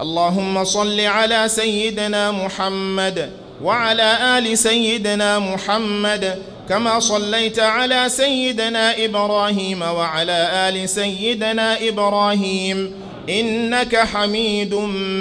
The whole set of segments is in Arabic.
اللهم صل على سيدنا محمد وعلى آل سيدنا محمد كما صليت على سيدنا إبراهيم وعلى آل سيدنا إبراهيم إنك حميد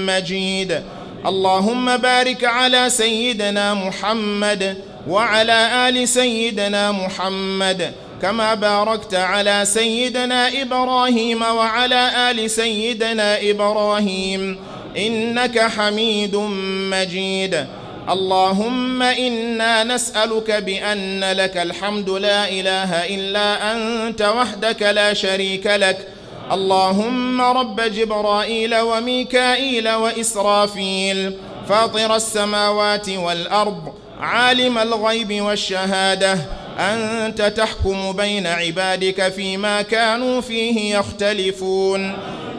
مجيد اللهم بارك على سيدنا محمد وعلى آل سيدنا محمد كما باركت على سيدنا إبراهيم وعلى آل سيدنا إبراهيم إنك حميد مجيد اللهم إنا نسألك بأن لك الحمد لا إله إلا أنت وحدك لا شريك لك اللهم رب جبرائيل وميكائيل وإسرافيل فاطر السماوات والأرض عالم الغيب والشهادة أنت تحكم بين عبادك فيما كانوا فيه يختلفون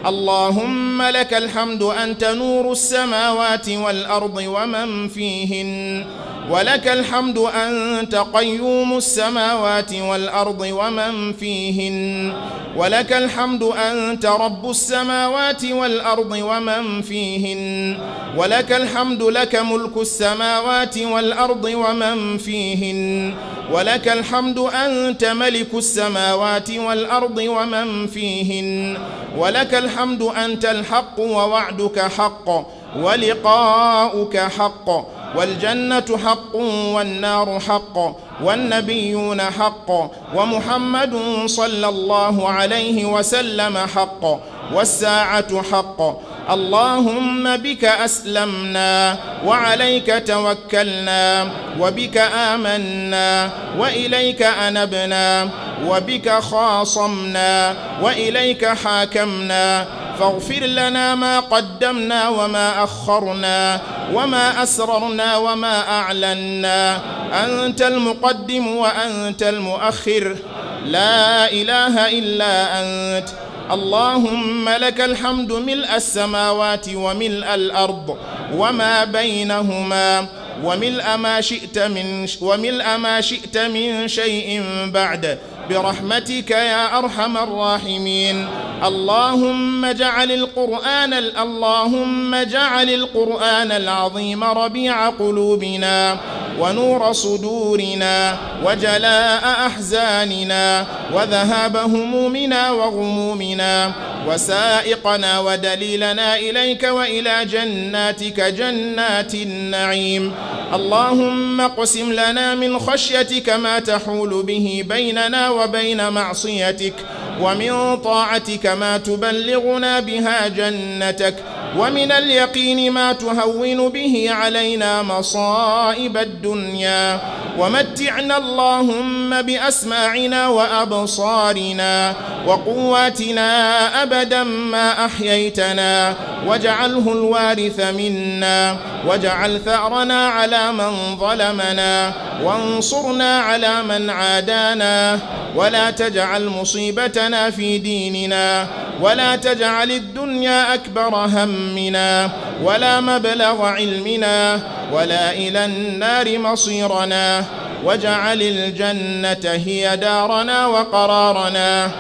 اللهم لك الحمد أنت نور السماوات والأرض ومن فيهن ولك الحمد أنت قيوم السماوات والأرض ومن فيهن ولك الحمد أنت رب السماوات والأرض ومن فيهن ولك الحمد لك ملك السماوات والأرض ومن فيهن ولك الحمد أنت ملك السماوات والأرض ومن فيهن ولك الحمد أنت الحق ووعدك حق ولقاؤك حق والجنة حق والنار حق والنبيون حق ومحمد صلى الله عليه وسلم حق والساعة حق اللهم بك أسلمنا وعليك توكلنا وبك آمنا وإليك أنبنا وبك خاصمنا وإليك حاكمنا فاغفر لنا ما قدمنا وما أخرنا وما أسررنا وما أعلنا أنت المقدم وأنت المؤخر لا إله إلا أنت اللهم لك الحمد ملء السماوات وملء الأرض وما بينهما وملء ما شئت من وملء ما شئت من شيء بعد برحمتك يا أرحم الراحمين اللهم اجعل القرآن اللهم اجعل القرآن العظيم ربيع قلوبنا ونور صدورنا وجلاء أحزاننا وذهاب همومنا وغمومنا وسائقنا ودليلنا إليك وإلى جناتك جنات النعيم اللهم اقسم لنا من خشيتك ما تحول به بيننا وبين معصيتك ومن طاعتك ما تبلغنا بها جنتك ومن اليقين ما تهون به علينا مصائب الدنيا ومتعنا اللهم بأسماعنا وأبصارنا وقواتنا أبدا ما أحييتنا واجعله الوارث منا واجعل ثأرنا على من ظلمنا وانصرنا على من عادانا ولا تجعل مصيبتنا في ديننا ولا تجعل الدنيا أكبر همنا ولا مبلغ علمنا ولا إلى النار مصيرنا واجعل الجنة هي دارنا وقرارنا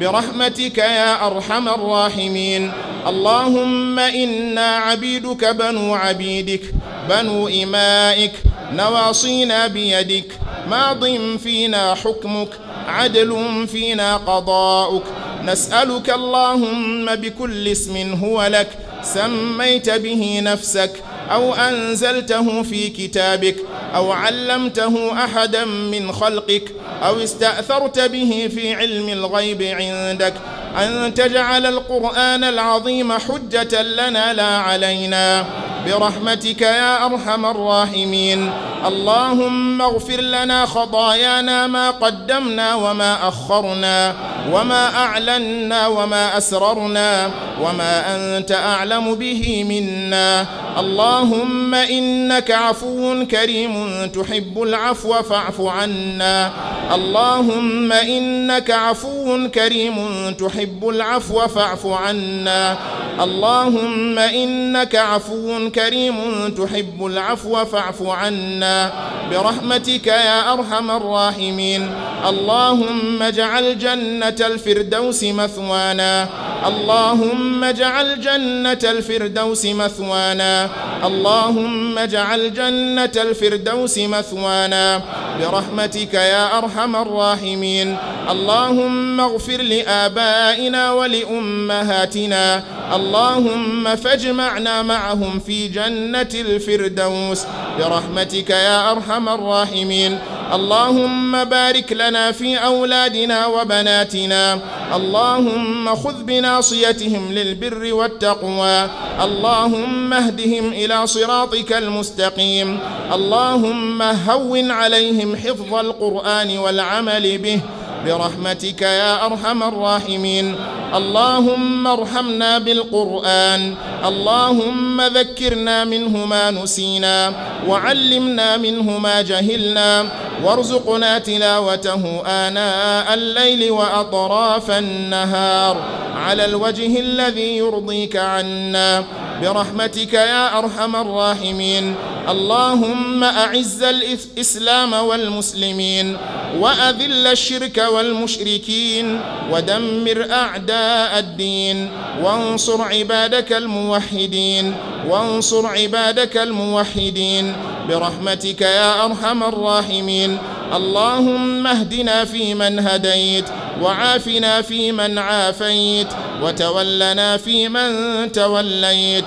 برحمتك يا أرحم الراحمين اللهم إنا عبيدك بنو عبيدك بنو إمائك نواصينا بيدك ماض فينا حكمك عدل فينا قضاؤك نسألك اللهم بكل اسم هو لك سميت به نفسك أو أنزلته في كتابك أو علمته أحدا من خلقك أو استأثرت به في علم الغيب عندك أن تجعل القرآن العظيم حجة لنا لا علينا برحمتك يا أرحم الراحمين اللهم اغفر لنا خطايانا ما قدمنا وما أخرنا وما أعلنا وما أسررنا وما أنت أعلم به منا اللهم إنك عفو كريم تحب العفو فاعف عنا اللهم إنك عفو كريم تحب العفو فاعف عنا اللهم إنك عفو كريم تحب العفو فاعف عنا برحمتك يا أرحم الراحمين اللهم اجعل جنة الفردوس مثوانا اللهم اجعل جنة الفردوس مثوانا اللهم اجعل جنة الفردوس مثوانا برحمتك يا أرحم الراحمين اللهم اغفر لآبائنا ولأمهاتنا اللهم فاجمعنا معهم في جنة الفردوس برحمتك يا أرحم الراحمين اللهم بارك لنا في أولادنا وبناتنا اللهم خذ بناصيتهم للبر والتقوى اللهم اهدهم إلى صراطك المستقيم اللهم هون عليهم حفظ القرآن والعمل به برحمتك يا أرحم الراحمين اللهم ارحمنا بالقرآن اللهم ذكرنا منه ما نسينا وعلمنا منه ما جهلنا وارزقنا تلاوته آناء الليل وأطراف النهار على الوجه الذي يرضيك عنا برحمتك يا أرحم الراحمين اللهم أعز الإسلام والمسلمين وأذل الشرك والمشركين ودمر أعداء الدين وانصر عبادك الموحدين وانصر عبادك الموحدين برحمتك يا أرحم الراحمين اللهم اهدنا فيمن هديت وعافنا فيمن عافيت وتولنا فيمن توليت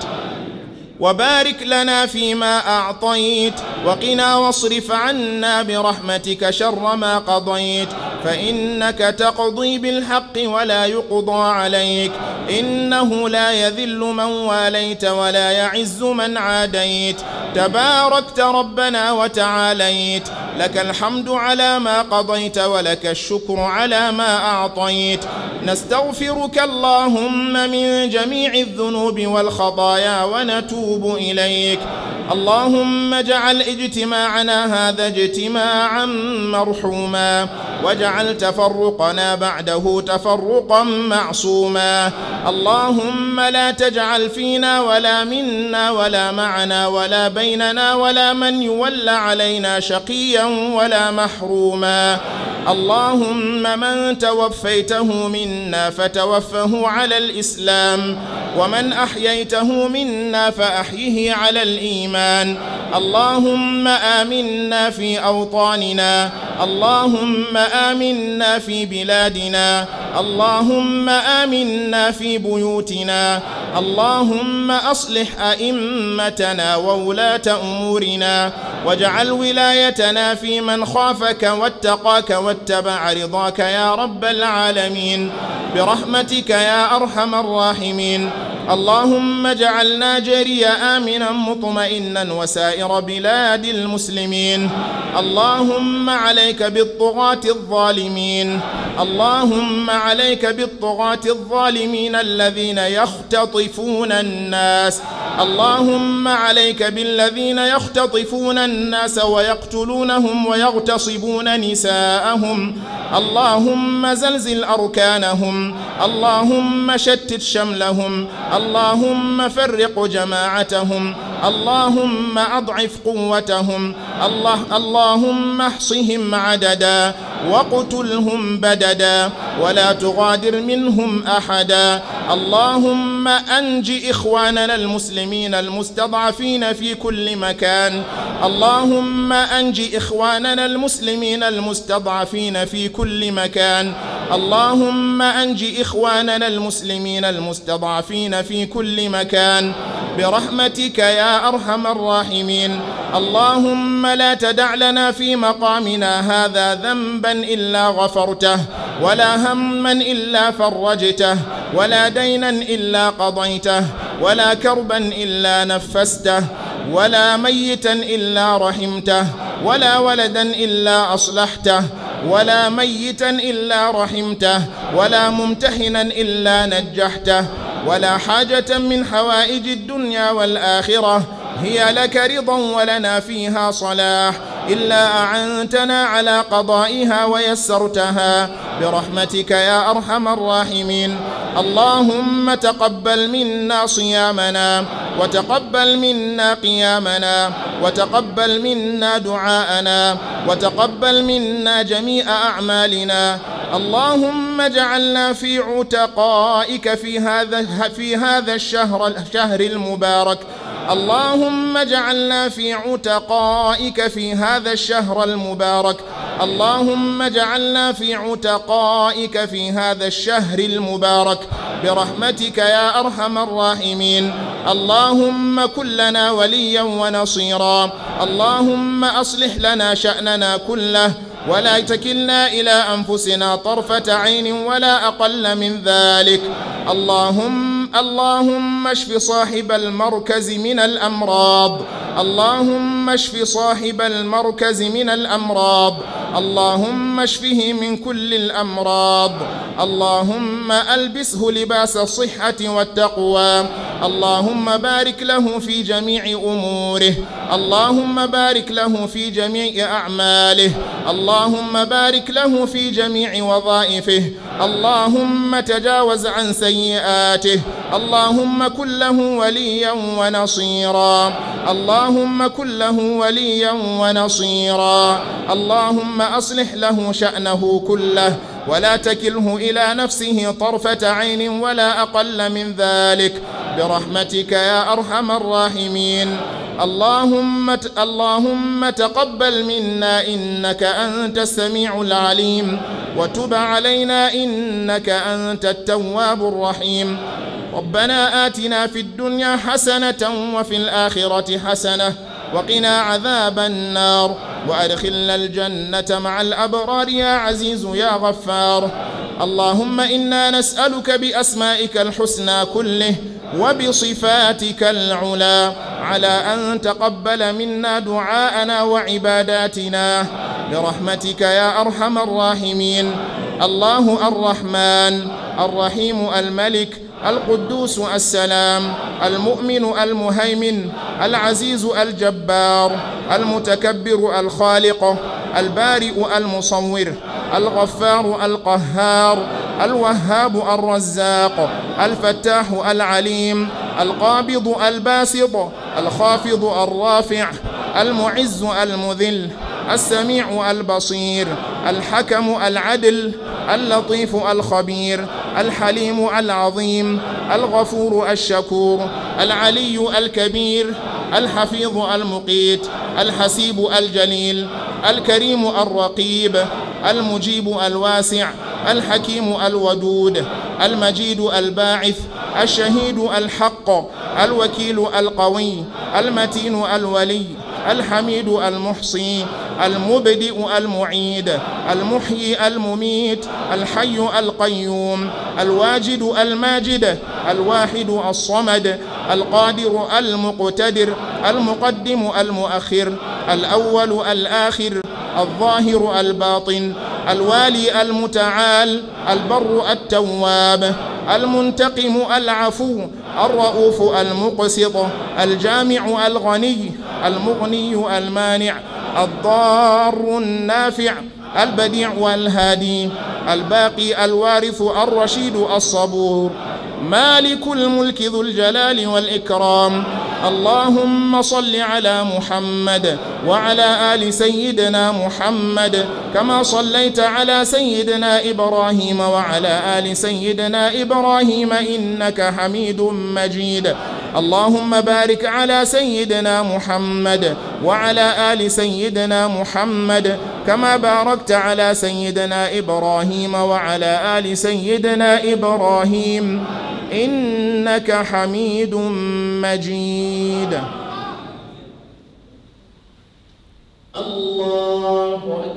وبارك لنا فيما أعطيت وقنا واصرف عنا برحمتك شر ما قضيت فإنك تقضي بالحق ولا يقضى عليك إنه لا يذل من واليت ولا يعز من عاديت تباركت ربنا وتعاليت لك الحمد على ما قضيت ولك الشكر على ما أعطيت نستغفرك اللهم من جميع الذنوب والخطايا ونتوب إليك اللهم اجعل اجتماعنا هذا اجتماعا مرحوما واجعل تفرقنا بعده تفرقا معصوما اللهم لا تجعل فينا ولا منا ولا معنا ولا بيننا ولا من يولى علينا شقيا ولا محروما اللهم من توفيته منا فتوفه على الإسلام ومن أحييته منا فأحيه على الإيمان اللهم آمنا في أوطاننا اللهم آمنا في بلادنا اللهم آمنا في بيوتنا اللهم أصلح أئمتنا وولاة أمورنا واجعل ولايتنا في من خافك واتقاك واتبع رضاك يا رب العالمين برحمتك يا أرحم الراحمين اللهم اجعلنا جريا آمنا مطمئنا وسائر بلاد المسلمين اللهم عليك بالطغاة الظالمين اللهم عليك بالطغاة الظالمين الذين يختطفون الناس اللهم عليك بالذين يختطفون الناس ويقتلونهم ويغتصبون نساءهم اللهم زلزل أركانهم اللهم شتت شملهم اللهم فرق جماعتهم اللهم أضعف قوتهم الله اللهم احصهم عددا وقتلهم بددا ولا تغادر منهم أحدا اللهم أنج إخواننا المسلمين المستضعفين في كل مكان اللهم أنج إخواننا المسلمين المستضعفين في كل مكان اللهم أنج إخواننا المسلمين المستضعفين في كل مكان برحمتك يا أرحم الراحمين اللهم لا تدع لنا في مقامنا هذا ذنبا إلا غفرته ولا هما إلا فرجته ولا دينا إلا قضيته ولا كربا إلا نفسته ولا ميتا إلا رحمته ولا ولدا إلا أصلحته ولا ميتا إلا رحمته ولا ممتهنا إلا نجحته ولا حاجة من حوائج الدنيا والآخرة هي لك رضا ولنا فيها صلاح إلا أعنتنا على قضائها ويسرتها برحمتك يا أرحم الراحمين اللهم تقبل منا صيامنا وتقبل منا قيامنا وتقبل منا دعاءنا وتقبل منا جميع أعمالنا اللهم اجعلنا في عتقائك في هذا في هذا الشهر الشهر المبارك اللهم اجعلنا في عتقائك في هذا الشهر المبارك اللهم اجعلنا في عتقائك في هذا الشهر المبارك برحمتك يا أرحم الراحمين اللهم كن لنا وليا ونصيرا اللهم أصلح لنا شأننا كله ولا تكلنا إلى أنفسنا طرفة عين ولا أقل من ذلك اللهم اللهم اشف صاحب المركز من الأمراض اللهم اشف صاحب المركز من الأمراض اللهم اشفه من كل الأمراض اللهم ألبسه لباس الصحة والتقوى اللهم بارك له في جميع أموره اللهم بارك له في جميع أعماله اللهم بارك له في جميع وظائفه اللهم تجاوز عن سيئاته اللهم كن له وليا ونصيرا اللهم كن له وليا ونصيرا اللهم أصلح له شأنه كله ولا تكله إلى نفسه طرفة عين ولا أقل من ذلك برحمتك يا أرحم الراحمين اللهم اللهم تقبل منا إنك أنت السميع العليم وتب علينا إنك أنت التواب الرحيم ربنا آتنا في الدنيا حسنة وفي الآخرة حسنة وقنا عذاب النار وأدخلنا الجنة مع الأبرار يا عزيز يا غفار اللهم إنا نسألك بأسمائك الحسنى كله وبصفاتك العلا على أن تقبل منا دعاءنا وعباداتنا برحمتك يا أرحم الراحمين الله الرحمن الرحيم الملك القدوس السلام المؤمن المهيمن العزيز الجبار المتكبر الخالق البارئ المصور الغفار القهار الوهاب الرزاق الفتاح العليم القابض الباسط الخافض الرافع المعز المذل السميع البصير الحكم العدل اللطيف الخبير الحليم العظيم الغفور الشكور العلي الكبير الحفيظ المقيت الحسيب الجليل الكريم الرقيب المجيب الواسع الحكيم الودود المجيد الباعث الشهيد الحق الوكيل القوي المتين الولي الحميد المحصي المبدئ المعيد المحيي المميت الحي القيوم الواجد الماجد الواحد الصمد القادر المقتدر المقدم المؤخر الأول الآخر الظاهر الباطن الوالي المتعال البر التواب المنتقم العفو الرؤوف المقسط الجامع الغني المغني المانع الضار النافع البديع والهادي الباقي الوارث الرشيد الصبور مالك الملك ذو الجلال والإكرام اللهم صل على محمد وعلى آل سيدنا محمد كما صليت على سيدنا إبراهيم وعلى آل سيدنا إبراهيم إنك حميد مجيد اللهم بارك على سيدنا محمد وعلى آل سيدنا محمد كما باركت على سيدنا إبراهيم وعلى آل سيدنا إبراهيم إنك حميد مجيد الله أكبر